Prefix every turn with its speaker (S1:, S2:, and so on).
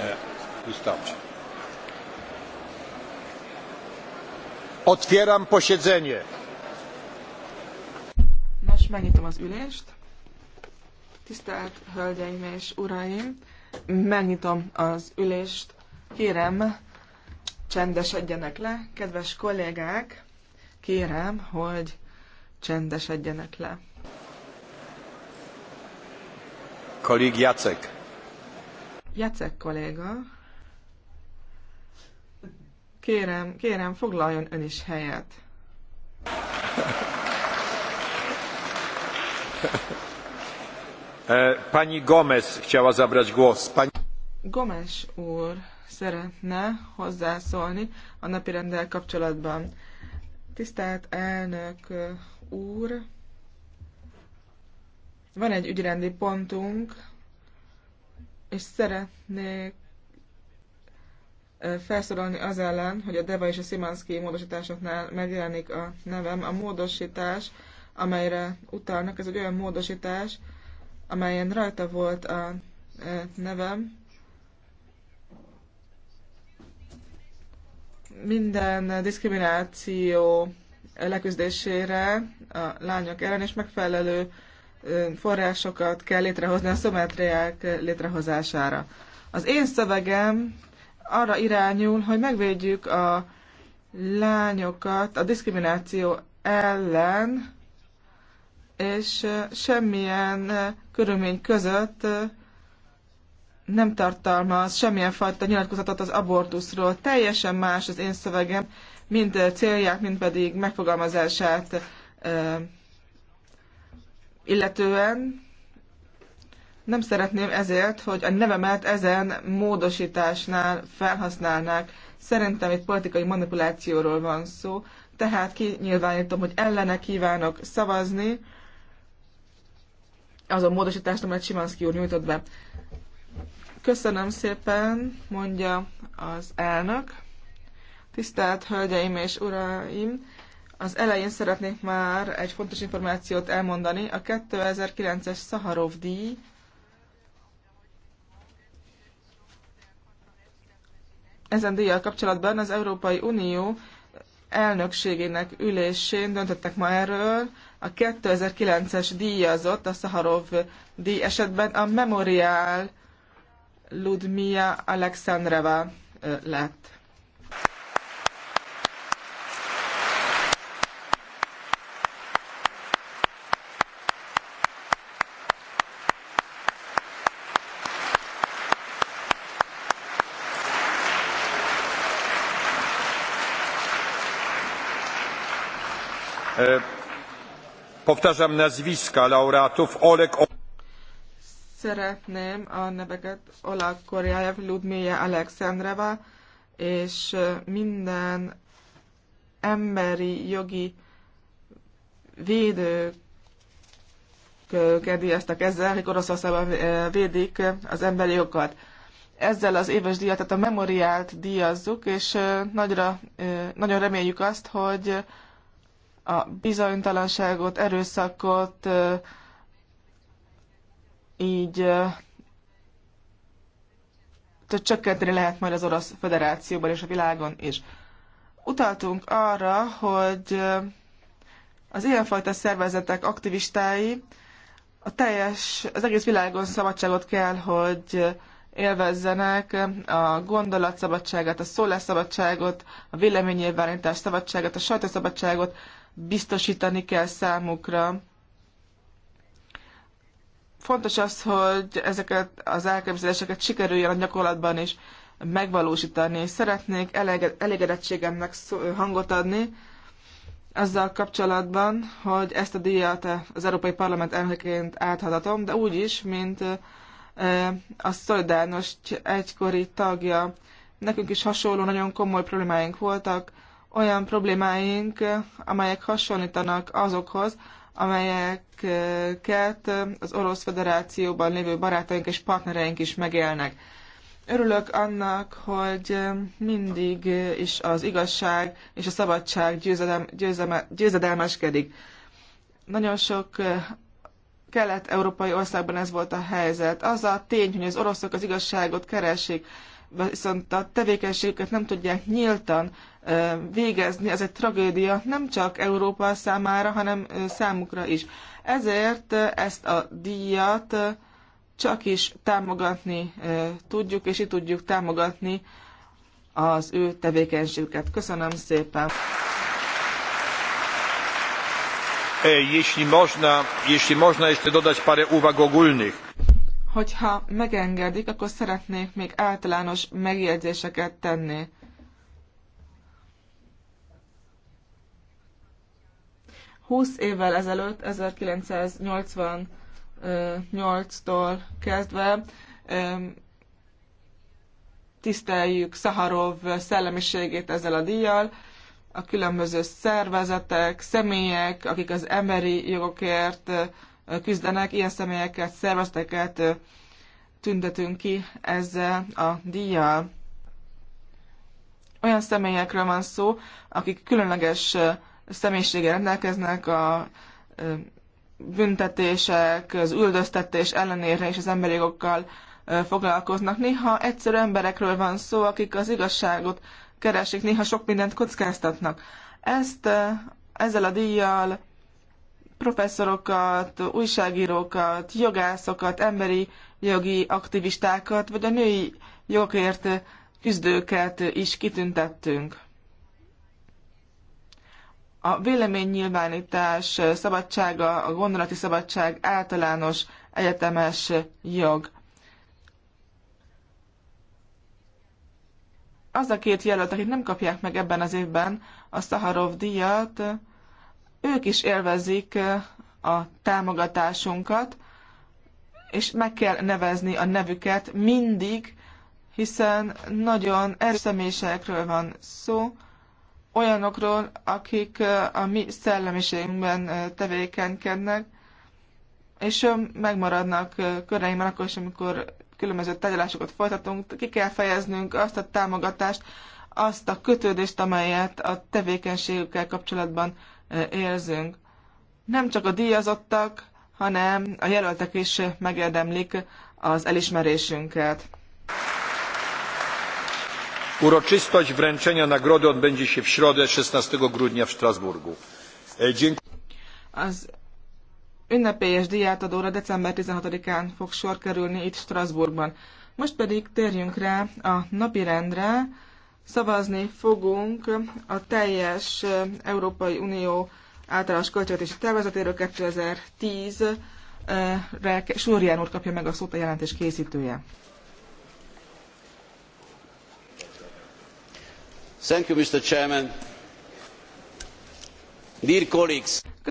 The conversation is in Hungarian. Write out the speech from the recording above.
S1: E, Otwieram posiedzenie. Nos, megnyitom az ülést. Tisztelt Hölgyeim és Uraim, megnyitom az ülést. Kérem, csendesedjenek le. Kedves kollégák, kérem, hogy csendesedjenek le. Kollég Jacek. Jacek kolléga, kérem, kérem, foglaljon ön is helyet. E, pani Gomez chciała zabrać głos. Pani... Gomez úr szeretne hozzászólni a rendel kapcsolatban. Tisztelt elnök úr, van egy ügyrendi pontunk, és szeretnék felszólalni az ellen, hogy a Deva és a Szimanszki módosításoknál megjelenik a nevem. A módosítás, amelyre utalnak, ez egy olyan módosítás, amelyen rajta volt a nevem. Minden diszkrimináció leküzdésére a lányok ellen, és megfelelő forrásokat kell létrehozni a szometriák létrehozására. Az én szövegem arra irányul, hogy megvédjük a lányokat a diszkrimináció ellen, és semmilyen körülmény között nem tartalmaz semmilyen fajta nyilatkozatot az abortuszról. Teljesen más az én szövegem, mind célját, mind pedig megfogalmazását illetően nem szeretném ezért, hogy a nevemet ezen módosításnál felhasználnák. Szerintem itt politikai manipulációról van szó, tehát kinyilvánítom, hogy ellene kívánok szavazni azon módosítást, amelyet Simanszki úr nyújtott be. Köszönöm szépen, mondja az elnök. Tisztelt Hölgyeim és Uraim! Az elején szeretnék már egy fontos információt elmondani. A 2009-es Szaharov díj ezen díjjal kapcsolatban az Európai Unió elnökségének ülésén döntöttek ma erről. A 2009-es díjazott a Szaharov díj esetben a Memorial Ludmia Alexandreva lett. E, powtarzam nazwiska laureatów Oleg Szeretném a neveket Oleg Korjájev, Ludmilla Alexandreva és minden emberi jogi védők díjaztak ezzel, hogy Oroszországban e, védik az emberi jogokat ezzel az éves díjat, tehát a memoriált díjazzuk, és e, nagyra, nagyon reméljük azt, hogy a bizonytalanságot, erőszakot így csökkenteni lehet majd az Orosz Föderációban és a világon is. Utaltunk arra, hogy az ilyenfajta szervezetek aktivistái a teljes, az egész világon szabadságot kell, hogy élvezzenek a gondolatszabadságát, a szólásszabadságot, a véleménynyilvánítás szabadságát, a sajtószabadságot, biztosítani kell számukra. Fontos az, hogy ezeket az elképzeléseket sikerüljön a gyakorlatban is megvalósítani. Szeretnék elégedettségemnek hangot adni azzal kapcsolatban, hogy ezt a díjat az Európai Parlament elnökeként áthatatom, de úgy is, mint a Szolidános egykori tagja. Nekünk is hasonló, nagyon komoly problémáink voltak, olyan problémáink, amelyek hasonlítanak azokhoz, amelyeket az Orosz Federációban lévő barátaink és partnereink is megélnek. Örülök annak, hogy mindig is az igazság és a szabadság győzedelmeskedik. Nagyon sok kelet-európai országban ez volt a helyzet. Az a tény, hogy az oroszok az igazságot keresik, viszont a tevékenységüket nem tudják nyíltan végezni, ez egy tragédia nem csak Európa számára, hanem számukra is. Ezért ezt a díjat csak is támogatni tudjuk, és itt tudjuk támogatni az ő tevékenységüket. Köszönöm szépen! E, jeśli można, jeśli można jeszcze dodać parę uwag ogólnych. Hogyha megengedik, akkor szeretnék még általános megjegyzéseket tenni. Húsz évvel ezelőtt, 1988-tól kezdve tiszteljük Szaharov szellemiségét ezzel a díjjal, a különböző szervezetek, személyek, akik az emberi jogokért küzdenek, ilyen személyeket, szervezeteket tüntetünk ki ezzel a díjjal. Olyan személyekről van szó, akik különleges személyiséggel rendelkeznek a büntetések, az üldöztetés ellenére és az emberi jogokkal foglalkoznak. Néha egyszerű emberekről van szó, akik az igazságot keresik, néha sok mindent kockáztatnak. Ezt ezzel a díjjal professzorokat, újságírókat, jogászokat, emberi jogi aktivistákat, vagy a női jogért küzdőket is kitüntettünk. A véleménynyilvánítás szabadsága, a gondolati szabadság általános egyetemes jog. az a két jelölt, akik nem kapják meg ebben az évben a Szaharov díjat, ők is élvezik a támogatásunkat, és meg kell nevezni a nevüket mindig, hiszen nagyon erős személyiségekről van szó, olyanokról, akik a mi szellemiségünkben tevékenykednek, és megmaradnak köreimben akkor is, amikor különböző tárgyalásokat folytatunk, ki kell fejeznünk azt a támogatást, azt a kötődést, amelyet a tevékenységükkel kapcsolatban érzünk. Nem csak a díjazottak, hanem a jelöltek is megérdemlik az elismerésünket. Uroczystość wręczenia nagrody odbędzie się w środę 16 grudnia w Strasburgu. E, dziękuję. Az ünnepélyes diátadóra december 16-án fog sor kerülni itt Strasbourgban. Most pedig térjünk rá a napirendre. Szavazni fogunk a teljes Európai Unió általános költségvetési tervezetéről 2010-re Súrján úr kapja meg a szót a jelentés készítője. Thank you, Mr. Chairman. Dear colleagues,